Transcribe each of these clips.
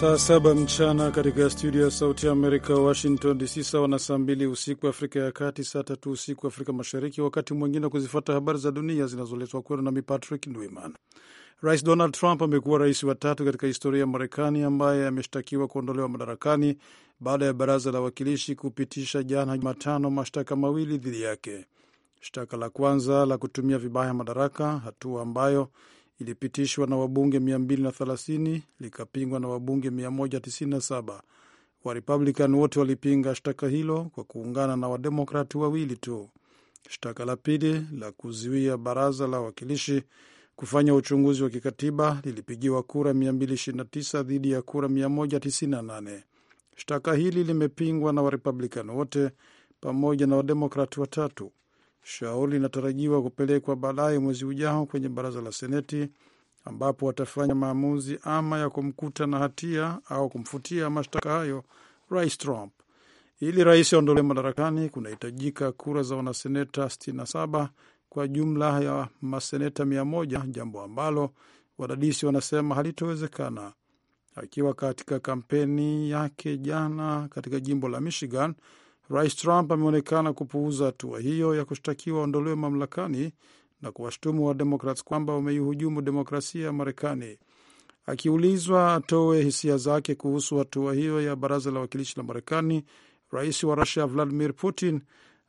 Saa saba mchana katika studio ya Sauti ya Amerika, Washington DC, sawa na saa mbili usiku Afrika ya Kati, saa tatu usiku Afrika Mashariki. Wakati mwingine wa kuzifata habari za dunia zinazoletwa kwenu nami Patrick Ndwiman. Rais Donald Trump amekuwa rais wa tatu katika historia ya Marekani ambaye ameshtakiwa kuondolewa madarakani baada ya baraza la wakilishi kupitisha jana Jumatano mashtaka mawili dhidi yake. Shtaka la kwanza la kutumia vibaya madaraka, hatua ambayo ilipitishwa na wabunge 230 likapingwa na wabunge 197. Warepublican wote walipinga shtaka hilo kwa kuungana na wademokrati wawili tu. Shtaka la pili la kuzuia baraza la wawakilishi kufanya uchunguzi wa kikatiba lilipigiwa kura 229 dhidi ya kura 198. Shtaka hili limepingwa na Warepublican wote pamoja na wademokrati watatu. Shauri linatarajiwa kupelekwa baadaye mwezi ujao kwenye baraza la Seneti ambapo watafanya maamuzi ama ya kumkuta na hatia au kumfutia mashtaka hayo Rais Trump. Ili rais aondolewe madarakani, kunahitajika kura za wanaseneta 67 kwa jumla ya maseneta 100, jambo ambalo wadadisi wanasema halitowezekana. Akiwa katika kampeni yake jana katika jimbo la Michigan, Rais Trump ameonekana kupuuza hatua hiyo ya kushtakiwa aondolewe mamlakani na kuwashtumu Wademokrats kwamba wameihujumu demokrasia ya Marekani. Akiulizwa atoe hisia zake kuhusu hatua hiyo ya baraza la wakilishi la Marekani, rais wa Rusia Vladimir Putin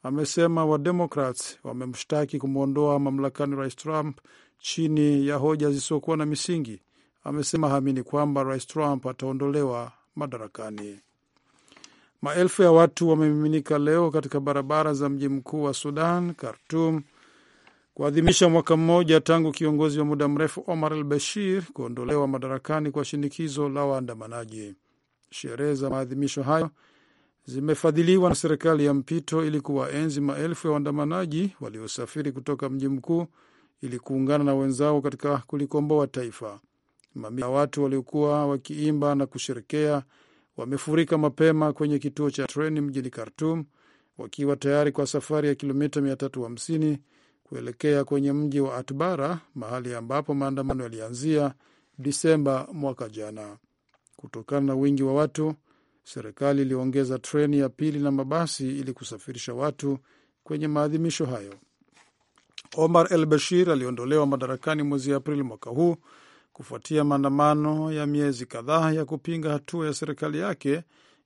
amesema Wademokrats wamemshtaki kumwondoa mamlakani rais Trump chini ya hoja zisizokuwa na misingi. Amesema haamini kwamba rais Trump ataondolewa madarakani. Maelfu ya watu wamemiminika leo katika barabara za mji mkuu wa Sudan, Khartum, kuadhimisha mwaka mmoja tangu kiongozi wa muda mrefu Omar al Bashir kuondolewa madarakani kwa shinikizo la waandamanaji. Sherehe za maadhimisho hayo zimefadhiliwa na serikali ya mpito ili kuwaenzi maelfu ya waandamanaji waliosafiri kutoka mji mkuu ili kuungana na wenzao katika kulikomboa taifa. Mamia ya watu waliokuwa wakiimba na kusherekea wamefurika mapema kwenye kituo cha treni mjini Khartum wakiwa tayari kwa safari ya kilomita 350 kuelekea kwenye mji wa Atbara, mahali ambapo maandamano yalianzia Disemba mwaka jana. Kutokana na wingi wa watu, serikali iliongeza treni ya pili na mabasi ili kusafirisha watu kwenye maadhimisho hayo. Omar El Bashir aliondolewa madarakani mwezi Aprili mwaka huu kufuatia maandamano ya miezi kadhaa ya kupinga hatua ya serikali yake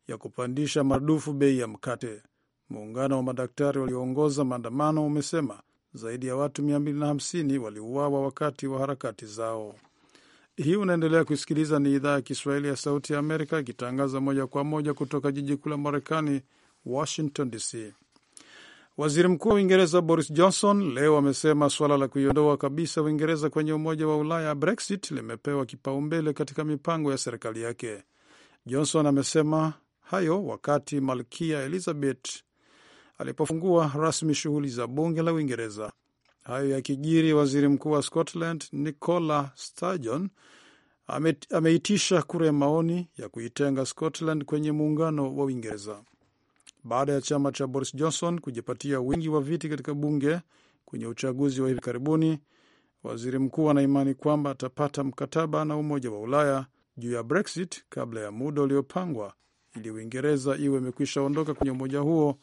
ya kupandisha maradufu bei ya mkate. Muungano wa madaktari walioongoza maandamano umesema zaidi ya watu 250 waliuawa wakati wa harakati zao. Hii unaendelea kusikiliza, ni idhaa ya Kiswahili ya Sauti ya Amerika ikitangaza moja kwa moja kutoka jiji kuu la Marekani, Washington DC. Waziri Mkuu wa Uingereza Boris Johnson leo amesema suala la kuiondoa kabisa Uingereza kwenye Umoja wa Ulaya, Brexit, limepewa kipaumbele katika mipango ya serikali yake. Johnson amesema hayo wakati Malkia Elizabeth alipofungua rasmi shughuli za bunge la Uingereza. Hayo yakijiri, waziri mkuu wa Scotland Nicola Sturgeon ameitisha kura ya maoni ya kuitenga Scotland kwenye muungano wa Uingereza baada ya chama cha Boris Johnson kujipatia wingi wa viti katika bunge kwenye uchaguzi wa hivi karibuni. Waziri mkuu anaimani kwamba atapata mkataba na Umoja wa Ulaya juu ya Brexit kabla ya muda uliopangwa ili Uingereza iwe imekwisha ondoka kwenye umoja huo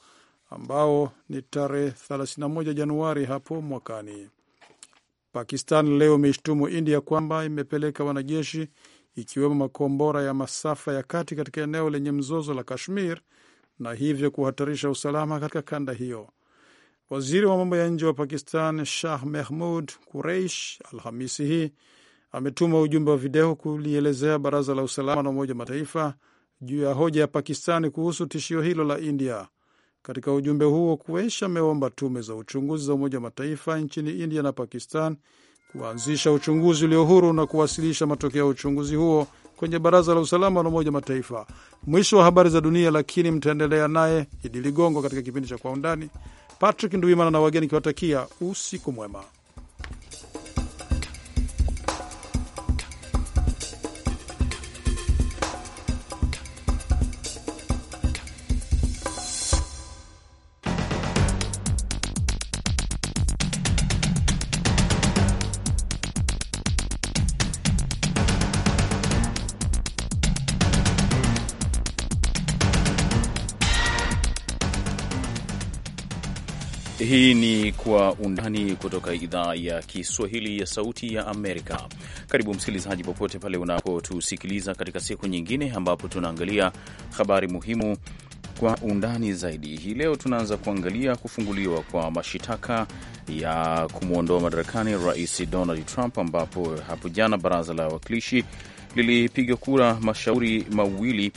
ambao ni tarehe 31 Januari hapo mwakani. Pakistan leo imeishtumu India kwamba imepeleka wanajeshi ikiwemo makombora ya masafa ya kati katika eneo lenye mzozo la Kashmir na hivyo kuhatarisha usalama katika kanda hiyo. Waziri wa mambo ya nje wa Pakistan Shah Mehmud Kureish Alhamisi hii ametuma ujumbe wa video kulielezea Baraza la Usalama la Umoja Mataifa juu ya hoja ya Pakistani kuhusu tishio hilo la India. Katika ujumbe huo, Kureish ameomba tume za uchunguzi za Umoja Mataifa nchini India na Pakistan kuanzisha uchunguzi ulio huru na kuwasilisha matokeo ya uchunguzi huo kwenye baraza la usalama la Umoja Mataifa. Mwisho wa habari za dunia, lakini mtaendelea naye Idi Ligongo katika kipindi cha Kwa Undani. Patrick Nduimana na wageni kiwatakia usiku mwema. Hii ni Kwa Undani kutoka idhaa ya Kiswahili ya Sauti ya Amerika. Karibu msikilizaji, popote pale unapotusikiliza katika siku nyingine ambapo tunaangalia habari muhimu kwa undani zaidi. Hii leo tunaanza kuangalia kufunguliwa kwa mashitaka ya kumwondoa madarakani Rais Donald Trump, ambapo hapo jana baraza la wawakilishi lilipiga kura mashauri mawili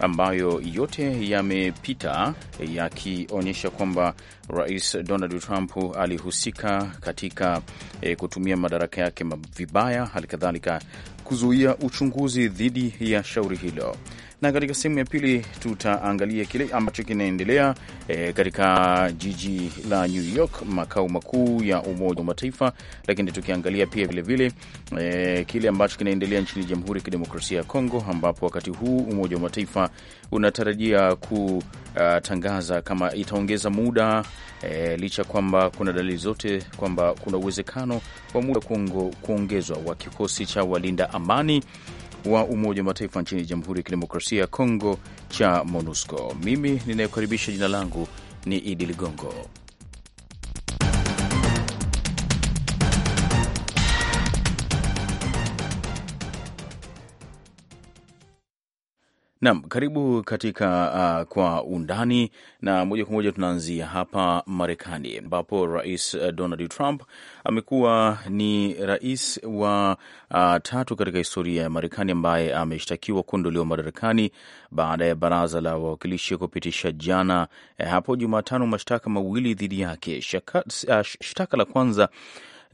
ambayo yote yamepita yakionyesha kwamba Rais Donald Trump alihusika katika e, kutumia madaraka yake vibaya, hali kadhalika kuzuia uchunguzi dhidi ya shauri hilo na katika sehemu ya pili tutaangalia kile ambacho kinaendelea e, katika jiji la New York, makao makuu ya Umoja wa Mataifa, lakini tukiangalia pia vilevile vile, e, kile ambacho kinaendelea nchini Jamhuri ya Kidemokrasia ya Kongo, ambapo wakati huu Umoja wa Mataifa unatarajia kutangaza uh, kama itaongeza muda e, licha kwamba kuna dalili zote kwamba kuna uwezekano wa muda kuongezwa wa kikosi cha walinda amani wa Umoja wa Mataifa nchini Jamhuri ya Kidemokrasia ya Kongo cha MONUSCO. Mimi ninayekaribisha, jina langu ni Idi Ligongo Naam, karibu katika uh, kwa undani na moja kwa moja tunaanzia hapa Marekani ambapo Rais eh, Donald Trump amekuwa ni rais wa uh, tatu katika historia ya Marekani ambaye ameshtakiwa kuondolewa madarakani baada ya baraza la wawakilishi kupitisha jana eh, hapo Jumatano mashtaka mawili dhidi yake. Uh, shtaka la kwanza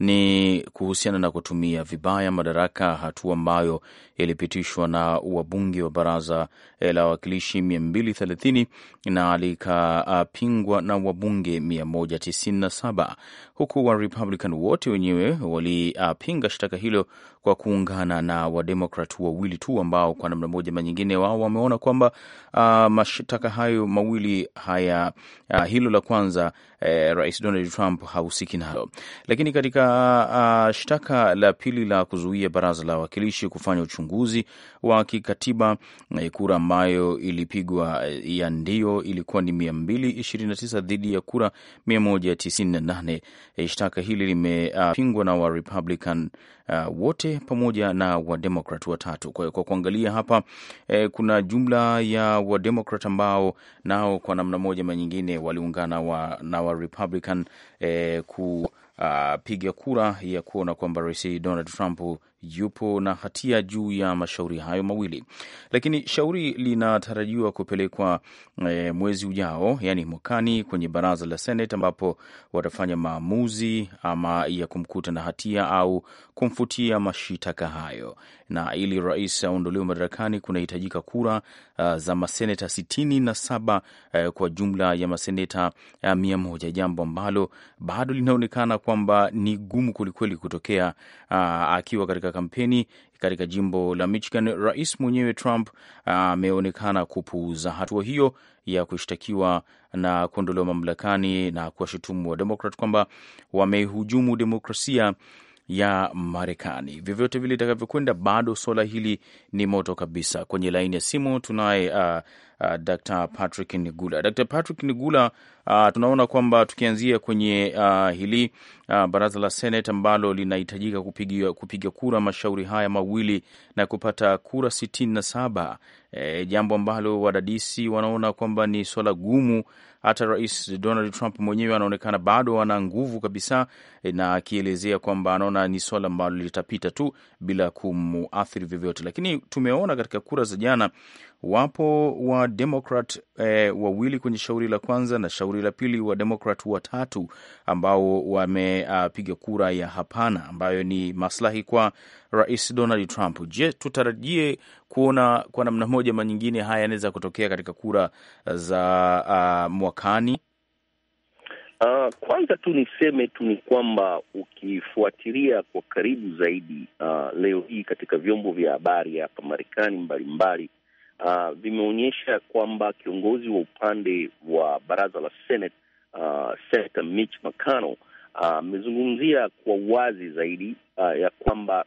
ni kuhusiana na kutumia vibaya madaraka, hatua ambayo ilipitishwa na wabunge wa baraza eh, la wawakilishi 230 na likapingwa na wabunge 197, huku wa Republican wote wenyewe walipinga shtaka hilo kwa kuungana na wademokrat wawili tu ambao kwa namna moja manyingine wao wameona kwamba uh, mashtaka hayo mawili haya uh, hilo la kwanza eh, Rais Donald Trump hahusiki nalo, lakini katika uh, shtaka la pili la kuzuia baraza la wawakilishi kufanya uchunguzi wa kikatiba eh, kura ambayo ilipigwa eh, ya ndio ilikuwa ni 229 dhidi ya kura 198. Eh, shtaka hili limepingwa uh, na wa Republican uh, wote pamoja na wademokrat watatu. Kwa hiyo kwa kuangalia hapa eh, kuna jumla ya wademokrat ambao nao kwa namna moja ma nyingine waliungana wa, na warepublican eh, ku Uh, piga kura ya kuona kwamba Rais Donald Trump yupo na hatia juu ya mashauri hayo mawili, lakini shauri linatarajiwa kupelekwa e, mwezi ujao, yani mwakani kwenye baraza la Senate, ambapo watafanya maamuzi ama ya kumkuta na hatia au kumfutia mashitaka hayo. Na ili rais aondolewe madarakani kunahitajika kura uh, za maseneta sitini na saba uh, kwa jumla ya maseneta uh, mia moja, jambo ambalo bado linaonekana kwamba ni gumu kwelikweli kutokea uh, akiwa katika kampeni katika jimbo la Michigan, rais mwenyewe Trump uh, ameonekana kupuuza hatua hiyo ya kushtakiwa na kuondolewa mamlakani na kuwashutumu wa Demokrat kwamba wamehujumu demokrasia ya Marekani. Vyovyote vile itakavyokwenda, bado swala hili ni moto kabisa. Kwenye laini ya simu tunaye uh, uh, Dr. Patrick Nigula. Dr. Patrick Nigula, uh, tunaona kwamba tukianzia kwenye uh, hili uh, baraza la Senate ambalo linahitajika kupiga, kupiga kura mashauri haya mawili na kupata kura sitini na saba, e, jambo ambalo wadadisi wanaona kwamba ni swala gumu hata Rais Donald Trump mwenyewe anaonekana bado ana nguvu kabisa, eh, na akielezea kwamba anaona ni swala ambalo litapita tu bila kumuathiri vyovyote. Lakini tumeona katika kura za jana wapo wa Demokrat eh, wawili kwenye shauri la kwanza na shauri la pili wa Demokrat watatu ambao wamepiga uh, kura ya hapana ambayo ni maslahi kwa Rais Donald Trump. Je, tutarajie kuona kwa namna moja manyingine haya yanaweza kutokea katika kura za uh, mwakani? Uh, kwanza tu niseme tu ni kwamba ukifuatilia kwa karibu zaidi uh, leo hii katika vyombo vya habari hapa Marekani mbalimbali mbali, uh, vimeonyesha kwamba kiongozi wa upande wa baraza la Senate uh, Senator Mitch McConnell uh, amezungumzia uh, kwa wazi zaidi uh, ya kwamba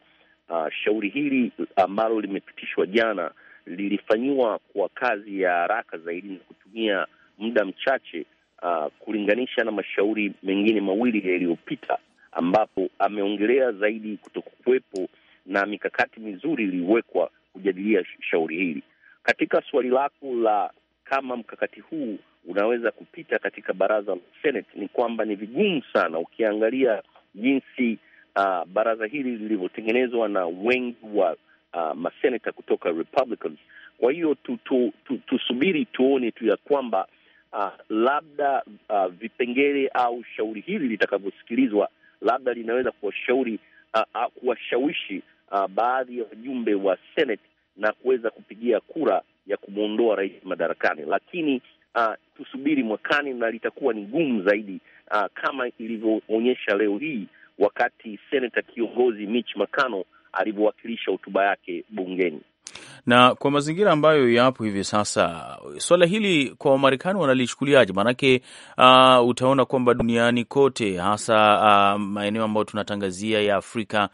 uh, shauri hili ambalo limepitishwa jana lilifanyiwa kwa kazi ya haraka zaidi na kutumia muda mchache uh, kulinganisha na mashauri mengine mawili yaliyopita, ambapo ameongelea zaidi kutokuwepo na mikakati mizuri iliyowekwa kujadilia shauri hili. Katika swali lako la kama mkakati huu unaweza kupita katika baraza la Senate, ni kwamba ni vigumu sana ukiangalia jinsi uh, baraza hili lilivyotengenezwa na wengi wa uh, maseneta kutoka Republicans. Kwa hiyo tu, tu, tu, tusubiri tuone tu ya kwamba uh, labda uh, vipengele au shauri hili litakavyosikilizwa labda linaweza kuwashauri uh, uh, kuwashawishi uh, baadhi ya wajumbe wa Senate na kuweza kupigia kura ya kumwondoa rais madarakani, lakini uh, tusubiri mwakani, na litakuwa ni gumu zaidi uh, kama ilivyoonyesha leo hii wakati seneta kiongozi Mitch McConnell alivyowakilisha hotuba yake bungeni na kwa mazingira ambayo yapo hivi sasa, swala hili kwa Wamarekani wanalichukuliaje? Maanake uh, utaona kwamba duniani kote, hasa uh, maeneo ambayo tunatangazia ya Afrika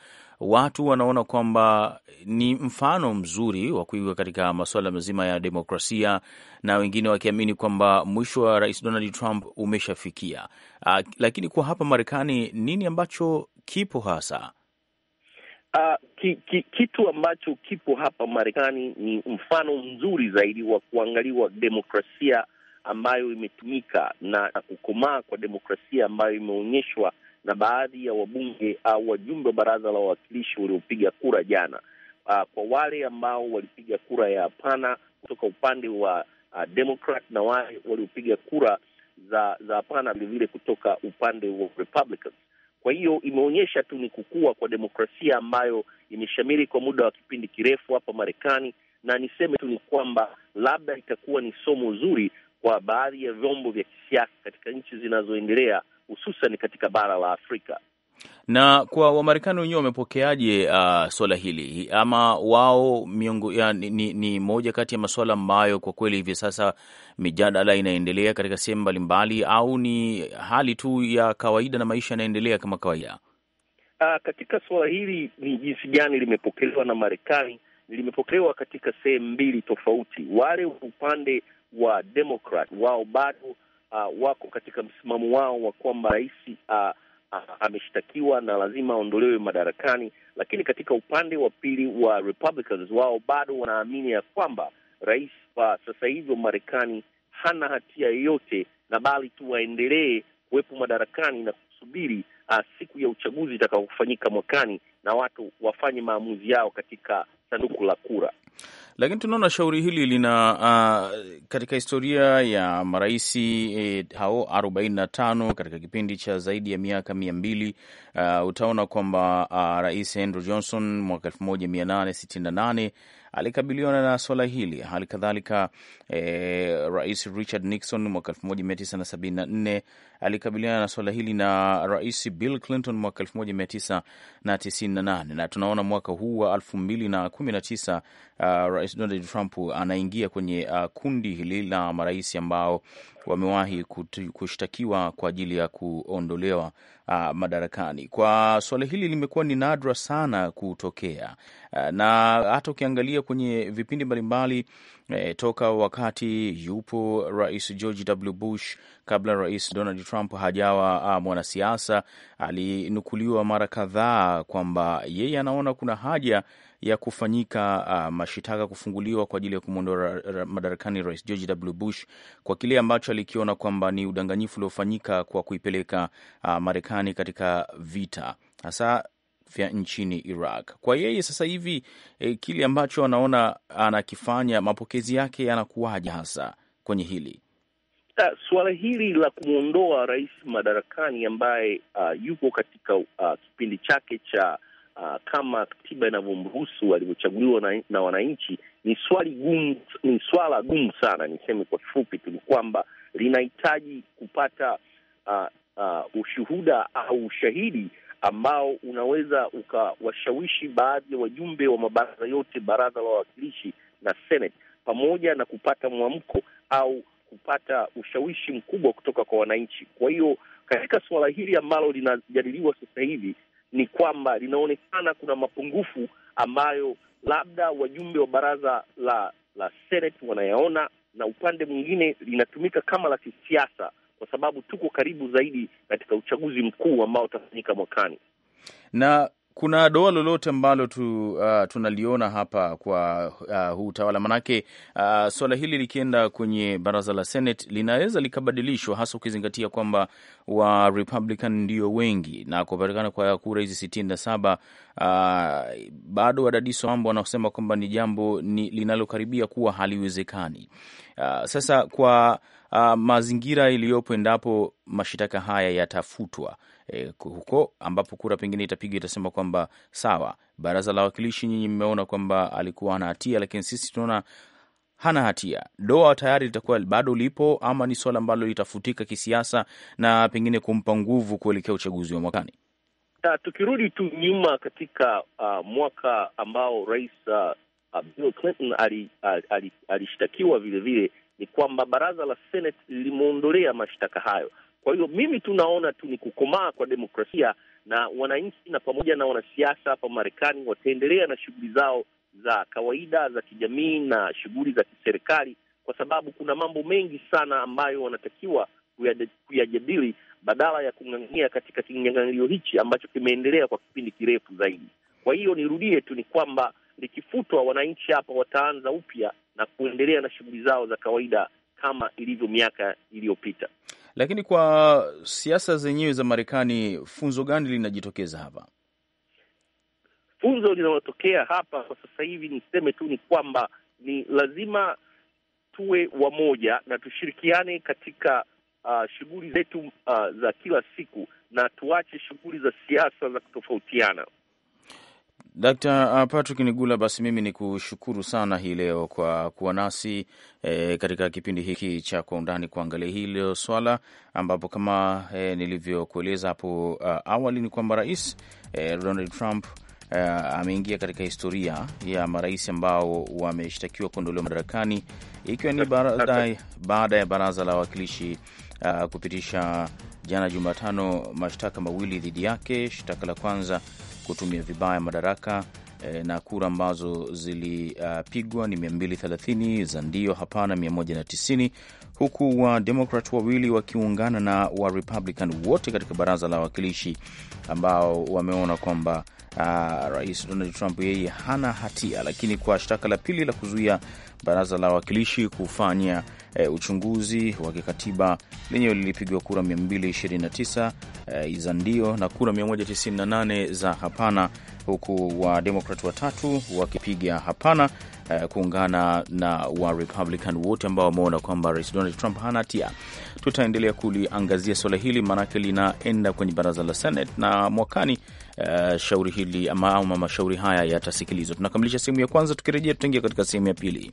watu wanaona kwamba ni mfano mzuri wa kuigwa katika masuala mazima ya demokrasia, na wengine wakiamini kwamba mwisho wa Rais Donald Trump umeshafikia. Uh, lakini kwa hapa Marekani nini ambacho kipo hasa? Uh, ki, ki, kitu ambacho kipo hapa Marekani ni mfano mzuri zaidi wa kuangaliwa demokrasia ambayo imetumika na kukomaa kwa demokrasia ambayo imeonyeshwa na baadhi ya wabunge au wajumbe wa baraza la wawakilishi waliopiga kura jana. Uh, kwa wale ambao walipiga kura ya hapana kutoka upande wa uh, Democrat na wale waliopiga kura za za hapana vilevile kutoka upande wa Republicans. Kwa hiyo imeonyesha tu ni kukua kwa demokrasia ambayo imeshamiri kwa muda wa kipindi kirefu hapa Marekani, na niseme tu ni kwamba labda itakuwa ni somo zuri kwa baadhi ya vyombo vya kisiasa katika nchi zinazoendelea hususan katika bara la Afrika. Na kwa Wamarekani wenyewe wamepokeaje uh, swala hili ama wao miongo ya, ni, ni moja kati ya masuala ambayo kwa kweli hivi sasa mijadala inaendelea katika sehemu mbalimbali, au ni hali tu ya kawaida na maisha yanaendelea kama kawaida? Uh, katika suala hili ni jinsi gani limepokelewa na Marekani, limepokelewa katika sehemu mbili tofauti. Wale upande wa Democrat wao bado uh, wako katika msimamo wao wa kwamba rais uh, uh, ameshtakiwa na lazima aondolewe madarakani, lakini katika upande wa pili wa Republicans wao bado wanaamini ya kwamba rais wa sasa hivi wa Marekani hana hatia yoyote, na bali tu waendelee kuwepo madarakani na kusubiri uh, siku ya uchaguzi itakaofanyika mwakani na watu wafanye maamuzi yao katika sanduku la kura. Lakini tunaona shauri hili lina uh, katika historia ya maraisi eh, hao 45 katika kipindi cha zaidi ya miaka mia mbili uh, utaona kwamba uh, Rais Andrew Johnson mwaka 1868 alikabiliwa na swala hili. Hali kadhalika eh, Rais Richard Nixon mwaka 1974 alikabiliana na swala hili na Rais Bill Clinton mwaka tisa na, na tunaona mwaka huu wa tisa uh, Rais Donald Trump anaingia kwenye uh, kundi hili la marais ambao wamewahi kushtakiwa kwa ajili ya kuondolewa uh, madarakani. Kwa suala hili limekuwa ni nadra sana kutokea uh, na hata ukiangalia kwenye vipindi mbalimbali E, toka wakati yupo Rais George W. Bush, kabla Rais Donald Trump hajawa mwanasiasa, alinukuliwa mara kadhaa kwamba yeye anaona kuna haja ya kufanyika uh, mashitaka kufunguliwa kwa ajili ya kumwondoa madarakani Rais George W. Bush kwa kile ambacho alikiona kwamba ni udanganyifu uliofanyika kwa kuipeleka uh, Marekani katika vita hasa vya nchini Iraq. Kwa yeye sasa hivi e, kile ambacho anaona anakifanya, mapokezi yake yanakuwaje hasa kwenye hili ah, suala hili la kumwondoa rais madarakani ambaye uh, yuko katika uh, kipindi chake cha uh, kama katiba inavyomruhusu alivyochaguliwa na, na wananchi, ni swali gumu, ni swala gumu sana. Niseme kwa kifupi tu ni kwamba linahitaji kupata uh, uh, ushuhuda au ushahidi ambao unaweza ukawashawishi baadhi ya wajumbe wa mabaraza yote, baraza la wawakilishi na Senate, pamoja na kupata mwamko au kupata ushawishi mkubwa kutoka kwa wananchi. Kwa hiyo katika suala hili ambalo linajadiliwa sasa hivi ni kwamba linaonekana kuna mapungufu ambayo labda wajumbe wa baraza la la Senate wanayaona na upande mwingine linatumika kama la kisiasa kwa sababu tuko karibu zaidi katika uchaguzi mkuu ambao utafanyika mwakani na kuna doa lolote ambalo tu, uh, tunaliona hapa kwa uh, huu utawala manake, uh, swala hili likienda kwenye baraza la Senate linaweza likabadilishwa, hasa ukizingatia kwamba wa Republican ndio wengi na kupatikana kwa kura hizi sitini na saba. Uh, bado wadadisi wa mambo wanaosema kwamba ni jambo ni, linalokaribia kuwa haliwezekani. Uh, sasa kwa uh, mazingira iliyopo, endapo mashitaka haya yatafutwa eh, huko ambapo kura pengine itapiga itasema kwamba sawa, baraza la wawakilishi, nyinyi mmeona kwamba alikuwa ana hatia, lakini sisi tunaona hana hatia. Doa tayari litakuwa bado lipo, ama ni suala ambalo litafutika kisiasa na pengine kumpa nguvu kuelekea uchaguzi wa mwakani. Ta, tukirudi tu nyuma katika uh, mwaka ambao rais uh, Bill Clinton alishtakiwa ali, ali, ali vilevile, ni kwamba baraza la Senate lilimwondolea mashtaka hayo. Kwa hiyo mimi tunaona tu ni kukomaa kwa demokrasia, na wananchi na pamoja na wanasiasa hapa Marekani wataendelea na shughuli zao za kawaida za kijamii na shughuli za kiserikali, kwa sababu kuna mambo mengi sana ambayo wanatakiwa kuyajadili badala ya kung'ang'ania katika kinyang'anyiro hichi ambacho kimeendelea kwa kipindi kirefu zaidi. Kwa hiyo nirudie tu ni kwamba likifutwa, wananchi hapa wataanza upya na kuendelea na shughuli zao za kawaida kama ilivyo miaka iliyopita. Lakini kwa siasa zenyewe za Marekani, funzo gani linajitokeza hapa? Funzo linalotokea hapa kwa sasa hivi, niseme tu ni kwamba ni lazima tuwe wamoja na tushirikiane katika uh, shughuli zetu uh, za kila siku na tuache shughuli za siasa za kutofautiana. Dkt. Uh, Patrick Nigula, basi mimi ni kushukuru sana hii leo kwa kuwa nasi e, katika kipindi hiki cha Kwa Undani kuangalia hilo swala ambapo kama e, nilivyokueleza hapo uh, awali ni kwamba Rais e, Donald Trump Uh, ameingia katika historia ya marais ambao wameshtakiwa kuondolewa madarakani ikiwa ni baada ya baraza la wawakilishi uh, kupitisha jana Jumatano mashtaka mawili dhidi yake, shtaka la kwanza kutumia vibaya madaraka eh, na kura ambazo zilipigwa uh, ni 230 za ndio, hapana 190, huku wademokrat wawili wakiungana na wa Republican wote katika baraza la wawakilishi ambao wameona kwamba uh, Rais Donald Trump yeye hana hatia, lakini kwa shtaka la pili la kuzuia baraza la wawakilishi kufanya E, uchunguzi wa kikatiba lenyewe lilipigwa kura 229 e, eh, za ndio na kura 198 za hapana, huku wademokrat watatu wakipiga hapana e, kuungana na warepublican wote ambao wameona kwamba rais Donald Trump hana hatia. Tutaendelea kuliangazia suala hili maanake linaenda kwenye baraza la Senate na mwakani uh, shauri hili ama, ama mashauri haya yatasikilizwa. Tunakamilisha sehemu ya kwanza, tukirejea tutaingia katika sehemu ya pili.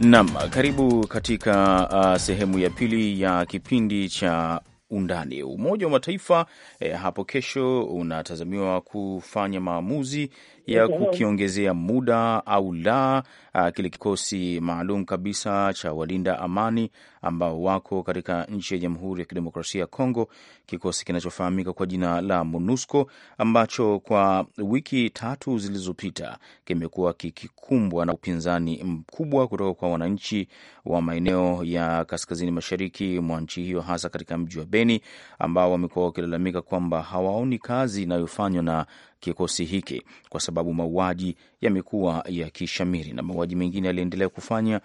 nam karibu katika uh, sehemu ya pili ya kipindi cha undani. Umoja wa Mataifa eh, hapo kesho unatazamiwa kufanya maamuzi ya kukiongezea muda au la, ah, kile kikosi maalum kabisa cha walinda amani ambao wako katika nchi ya Jamhuri ya Kidemokrasia ya Kongo, kikosi kinachofahamika kwa jina la MONUSCO ambacho kwa wiki tatu zilizopita kimekuwa kikikumbwa na upinzani mkubwa kutoka kwa wananchi wa maeneo ya kaskazini mashariki mwa nchi hiyo, hasa katika mji wa Beni, ambao wamekuwa wakilalamika kwamba hawaoni kazi inayofanywa na kikosi hiki, kwa sababu mauaji yamekuwa yakishamiri na mauaji mengine yaliendelea kufanya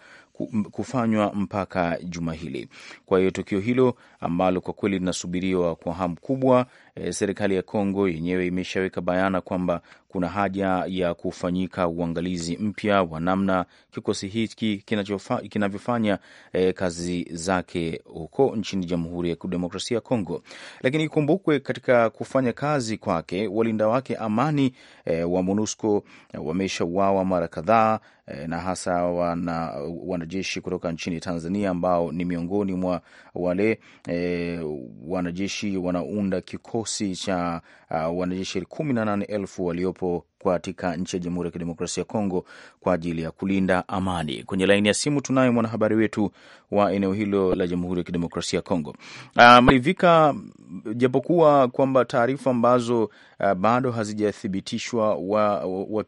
kufanywa mpaka juma hili. Kwa hiyo tukio hilo ambalo kwa kweli linasubiriwa kwa hamu kubwa, e, serikali ya Kongo yenyewe imeshaweka bayana kwamba kuna haja ya kufanyika uangalizi mpya wa namna kikosi hiki kinavyofanya e, kazi zake huko nchini Jamhuri ya Kidemokrasia ya Kongo. Lakini ikumbukwe katika kufanya kazi kwake, walinda wake amani e, wa MONUSCO wameshauawa mara kadhaa, e, na hasa wana, wana wanajeshi kutoka nchini Tanzania ambao ni miongoni mwa wale e, wanajeshi wanaunda kikosi cha uh, wanajeshi kumi na nane elfu waliopo katika nchi ya Jamhuri ya Kidemokrasia ya Kongo kwa ajili ya kulinda amani. Kwenye laini ya simu tunaye mwanahabari wetu wa eneo hilo la Jamhuri ya Kidemokrasia ya Kongo, uh, Malivika. Japokuwa kwamba taarifa ambazo uh, bado hazijathibitishwa,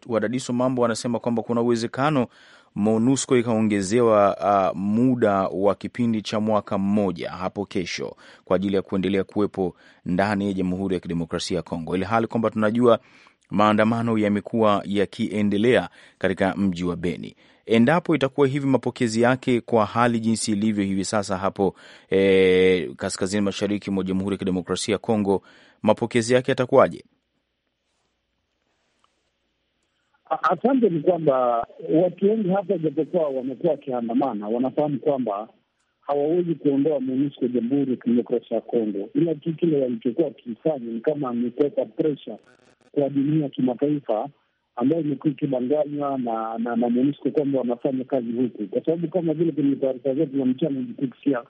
wadadisi wa, wa, wa mambo wanasema kwamba kuna uwezekano MONUSCO ikaongezewa uh, muda wa kipindi cha mwaka mmoja hapo kesho kwa ajili ya kuendelea kuwepo ndani ya Jamhuri ya Kidemokrasia ya Kongo, ili hali kwamba tunajua maandamano yamekuwa yakiendelea katika mji wa Beni. Endapo itakuwa hivi mapokezi yake kwa hali jinsi ilivyo hivi sasa hapo eh, kaskazini mashariki mwa Jamhuri ya Kidemokrasia ya Kongo, mapokezi yake yatakuwaje? Asante. Ni kwamba watu wengi hapa, japokuwa wamekuwa wakiandamana, wanafahamu kwamba hawawezi kuondoa MONUSCO Jamhuri ya Kidemokrasia ya Kongo, ila tu kile walichokuwa wakifanya ni kama ni kuweka presha kwa dunia ya kimataifa ambayo imekuwa ikidanganywa na na, na MONUSCO kwamba wanafanya kazi huku, kwa sababu kama vile kwenye taarifa zetu za mchana kusikia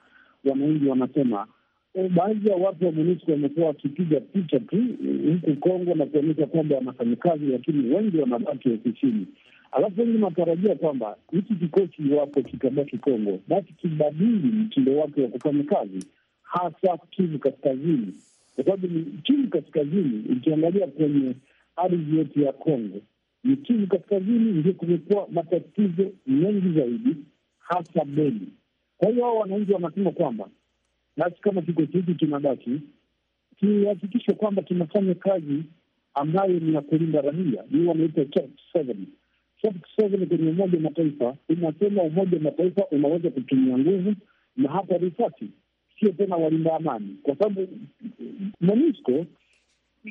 wananchi wanasema Eh, baadhi ya watu wa MONUSCO wamekuwa wakipiga picha tu eh, huku Kongo na kuonyesha kwamba wanafanya kazi, lakini wengi wanabaki ofisini. Alafu wengi wanatarajia kwamba hiki kikosi, iwapo kitabaki Kongo, basi kibadili mtindo wake wa kufanya kazi, hasa Kivu Kaskazini, kwa sababu ni Kivu Kaskazini. Ukiangalia kwenye ardhi yetu ya Kongo, ni Kivu Kaskazini ndio kumekuwa matatizo mengi zaidi, hasa Beni. Kwa hiyo hao wananchi wanasema kwamba nasi kama kiko hiki kinabaki kihakikishe kwamba kinafanya kazi ambayo ni ya kulinda raia, hii wanaita kwenye Umoja wa Mataifa inasema Umoja wa Mataifa unaweza kutumia nguvu na hata risasi, sio tena walinda amani, kwa sababu MONUSCO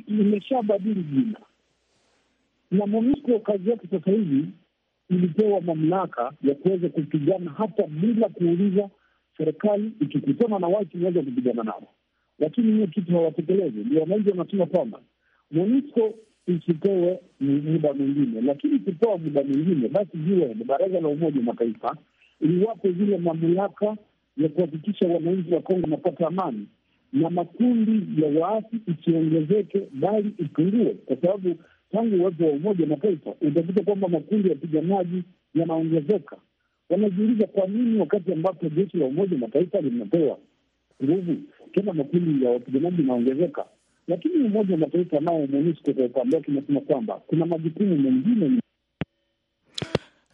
imeshabadili jina na MONUSCO kazi yake sasa hivi ilipewa mamlaka ya kuweza kupigana hata bila kuuliza serikali ikikutana na watu inaweza kupigana nao, lakini hiyo kitu hawatekelezi. Ndio wananchi wanatuma kwamba MONUSCO isipewe muda mwingine, lakini kupewa muda mwingine, basi jiwe baraza la Umoja wa Mataifa iliwapo zile mamlaka ya kuhakikisha wananchi wa Kongo wanapata amani na makundi ya waasi isiongezeke, bali ipungue, kwa sababu tangu uwepo wa Umoja wa Mataifa utakuta kwamba makundi ya wapiganaji yanaongezeka wanajiuliza kwa nini wakati ambapo jeshi la Umoja Mataifa limepewa nguvu tena, makundi ya wapiganaji inaongezeka, lakini Umoja wa Mataifa nao MONUSCO kwa upande wake kwamba kuna majukumu mengine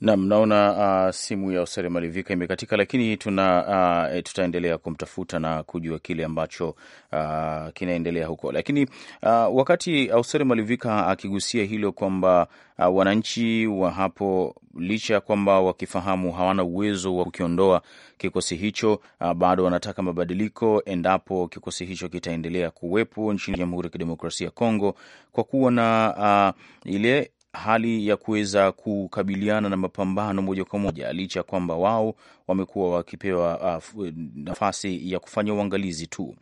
Nam, naona uh, simu ya Usare Malivika imekatika, lakini tuna uh, eh, tutaendelea kumtafuta na kujua kile ambacho uh, kinaendelea huko. Lakini uh, wakati Usare Malivika akigusia hilo kwamba uh, wananchi wa hapo licha ya kwamba wakifahamu hawana uwezo wa kukiondoa kikosi hicho, uh, bado wanataka mabadiliko endapo kikosi hicho kitaendelea kuwepo nchini Jamhuri ya Kidemokrasia ya Kongo kwa kuwa na uh, ile hali ya kuweza kukabiliana na mapambano moja kwa moja, licha ya kwamba wao wamekuwa wakipewa uh, nafasi ya kufanya uangalizi tu.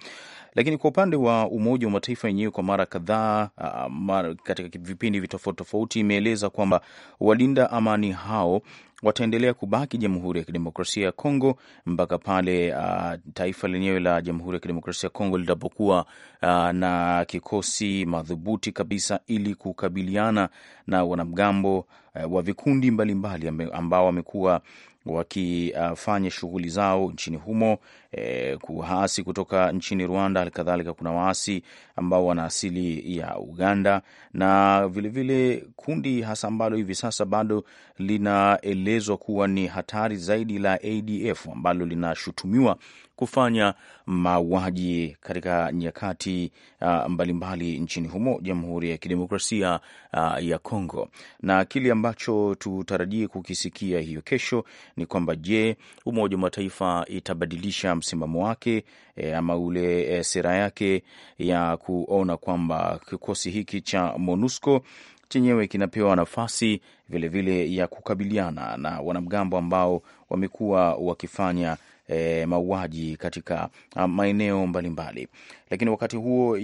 Lakini kwa upande wa Umoja wa Mataifa yenyewe kwa mara kadhaa ah, katika vipindi vitofauti tofauti imeeleza kwamba walinda amani hao wataendelea kubaki Jamhuri ya Kidemokrasia ya Kongo mpaka pale uh, taifa lenyewe la Jamhuri ya Kidemokrasia ya Kongo litapokuwa uh, na kikosi madhubuti kabisa ili kukabiliana na wanamgambo uh, wa vikundi mbalimbali ambao wamekuwa wakifanya shughuli zao nchini humo, e, kuhasi kutoka nchini Rwanda. Halikadhalika kuna waasi ambao wana asili ya Uganda na vilevile vile kundi hasa ambalo hivi sasa bado linaelezwa kuwa ni hatari zaidi la ADF ambalo linashutumiwa kufanya mauaji katika nyakati uh, mbalimbali nchini humo Jamhuri ya Kidemokrasia uh, ya Kongo. Na kile ambacho tutarajie kukisikia hiyo kesho ni kwamba, je, Umoja wa Mataifa itabadilisha msimamo wake e, ama ule e, sera yake ya kuona kwamba kikosi hiki cha MONUSCO chenyewe kinapewa nafasi vilevile ya kukabiliana na wanamgambo ambao wamekuwa wakifanya e, mauaji katika maeneo mbalimbali. Lakini wakati huo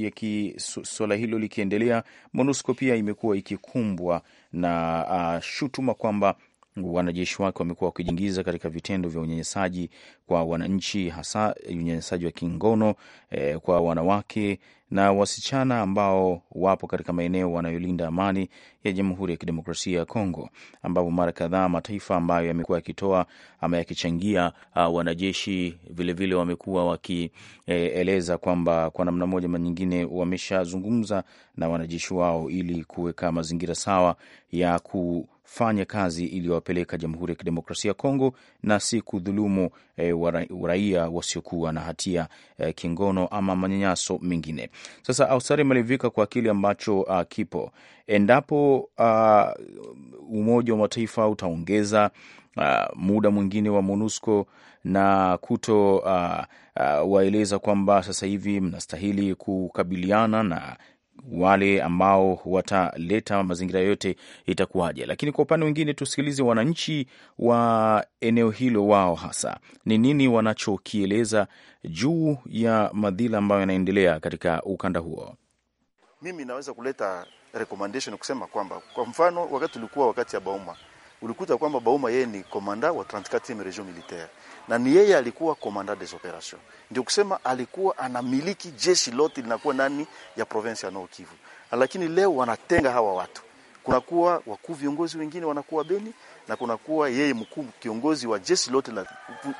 suala hilo likiendelea, MONUSCO pia imekuwa ikikumbwa na a, shutuma kwamba wanajeshi wake wamekuwa wakijiingiza katika vitendo vya unyanyasaji kwa wananchi, hasa unyanyasaji wa kingono eh, kwa wanawake na wasichana ambao wapo katika maeneo wanayolinda amani ya Jamhuri ya Kidemokrasia ya Kongo, ambapo mara kadhaa mataifa ambayo yamekuwa yakitoa ama yakichangia uh, wanajeshi vilevile wamekuwa wakieleza eh, e, kwamba kwa namna moja ama nyingine wameshazungumza na wanajeshi wao ili kuweka mazingira sawa ya ku kufanya kazi iliyowapeleka Jamhuri ya Kidemokrasia ya Kongo na si kudhulumu e, raia wasiokuwa na hatia e, kingono ama manyanyaso mengine. Sasa austari malivika kwa kile ambacho a, ah, kipo endapo a, ah, Umoja wa Mataifa utaongeza a, ah, muda mwingine wa MONUSCO na kuto a, a, waeleza kwamba sasa hivi mnastahili kukabiliana na wale ambao wataleta mazingira yote itakuwaje. Lakini kwa upande mwingine, tusikilize wananchi wa eneo hilo, wao hasa ni nini wanachokieleza juu ya madhila ambayo yanaendelea katika ukanda huo. Mimi naweza kuleta recommendation kusema kwamba kwa mfano, wakati ulikuwa wakati ya Bauma, ulikuta kwamba Bauma yeye ni komanda wa 34 region militaire na ni yeye alikuwa commandant des operations, ndio kusema alikuwa anamiliki jeshi lote linakuwa ndani ya province ya Nord Kivu. Lakini leo wanatenga hawa watu, kunakuwa wakuu viongozi wengine wanakuwa Beni na kunakuwa yeye mkuu kiongozi wa jeshi lote la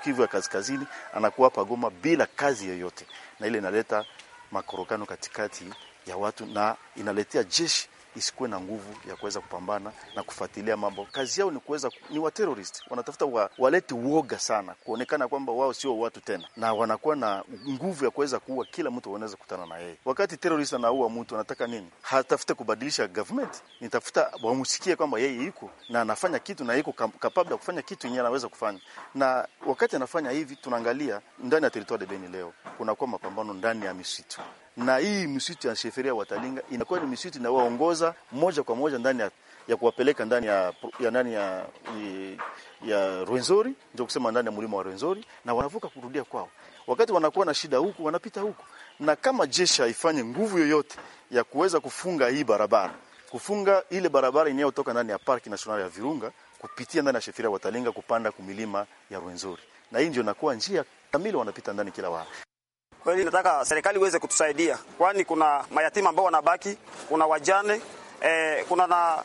Kivu ya kaskazini anakuwa hapa Goma bila kazi yoyote, na ile inaleta makorokano katikati ya watu na inaletea jeshi isikuwe na nguvu ya kuweza kupambana na kufuatilia mambo. Kazi yao ni kuweza ni wa terrorist, wanatafuta wa, walete uoga sana, kuonekana kwamba wao sio watu tena, na wanakuwa na nguvu ya kuweza kuua kila mtu wanaweza kukutana na yeye. Wakati terrorist anaua mtu, anataka nini? Hatafute kubadilisha government, nitafuta wamsikie kwamba yeye yuko na anafanya kitu na yuko kapabla kufanya kitu yenyewe anaweza kufanya. Na wakati anafanya hivi, tunaangalia ndani ya territory de Beni leo kunakuwa mapambano ndani ya misitu na hii misitu ya Sheferia Watalinga inakuwa ni misitu inawaongoza moja kwa moja ndani ya, ya kuwapeleka ndani ya, ya, ndani ya, ya Rwenzori, ndio kusema ndani ya mlima wa Rwenzori, na wanavuka kurudia kwao. Wakati wanakuwa na shida huku, wanapita huku, na kama jeshi haifanye nguvu yoyote ya kuweza kufunga hii barabara, kufunga ile barabara inayotoka ndani ya Parki National ya Virunga kupitia ndani ya Sheferia Watalinga kupanda kumilima ya Rwenzori, na hii ndio inakuwa njia kamili, wanapita ndani kila wao. Kweli nataka serikali iweze kutusaidia, kwani kuna mayatima ambao wanabaki, kuna wajane eh, kuna na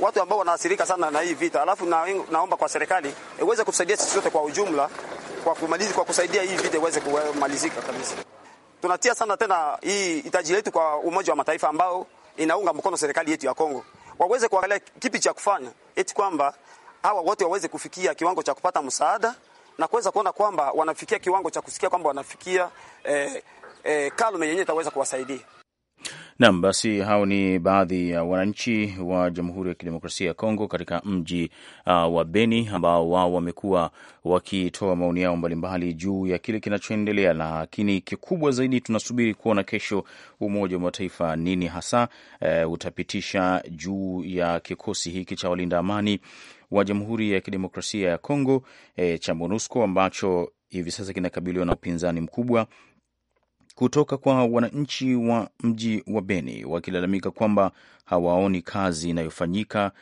watu ambao wanaathirika sana na hii vita. Alafu na, naomba kwa serikali iweze kutusaidia sisi sote kwa ujumla kwa kumaliza, kwa kusaidia hii vita iweze kumalizika kabisa. Tunatia sana tena hii hitaji letu kwa Umoja wa Mataifa ambao inaunga mkono serikali yetu ya Kongo, waweze kuangalia kipi cha kufanya eti kwamba hawa wote waweze kufikia kiwango cha kupata msaada na kuweza kuona kwamba wanafikia kiwango cha kusikia kwamba wanafikia eh, eh, kalme yenyewe itaweza kuwasaidia. Naam, basi hao ni baadhi ya wananchi wa Jamhuri ya Kidemokrasia ya Kongo katika mji uh, wa Beni ambao wao wamekuwa wakitoa maoni yao mbalimbali juu ya kile kinachoendelea, lakini kikubwa zaidi tunasubiri kuona kesho Umoja wa Mataifa nini hasa uh, utapitisha juu ya kikosi hiki cha walinda amani wa Jamhuri ya Kidemokrasia ya Kongo e, cha MONUSCO ambacho hivi sasa kinakabiliwa na upinzani mkubwa kutoka kwa wananchi wa mji wa Beni wakilalamika kwamba hawaoni kazi inayofanyika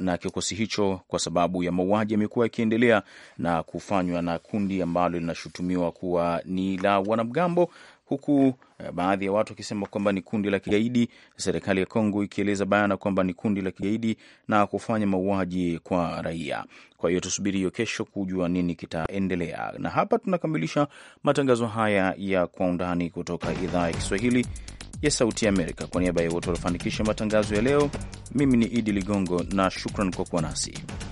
na kikosi hicho kwa sababu ya mauaji yamekuwa yakiendelea na kufanywa na kundi ambalo linashutumiwa kuwa ni la wanamgambo huku eh, baadhi ya watu wakisema kwamba ni kundi la kigaidi, serikali ya Kongo ikieleza bayana kwamba ni kundi la kigaidi na kufanya mauaji kwa raia. Kwa hiyo tusubiri hiyo kesho kujua nini kitaendelea. Na hapa tunakamilisha matangazo haya ya Kwa Undani kutoka idhaa ya Kiswahili ya Sauti ya Amerika. Kwa niaba ya wote waliofanikisha matangazo ya leo, mimi ni Idi Ligongo na shukran kwa kuwa nasi.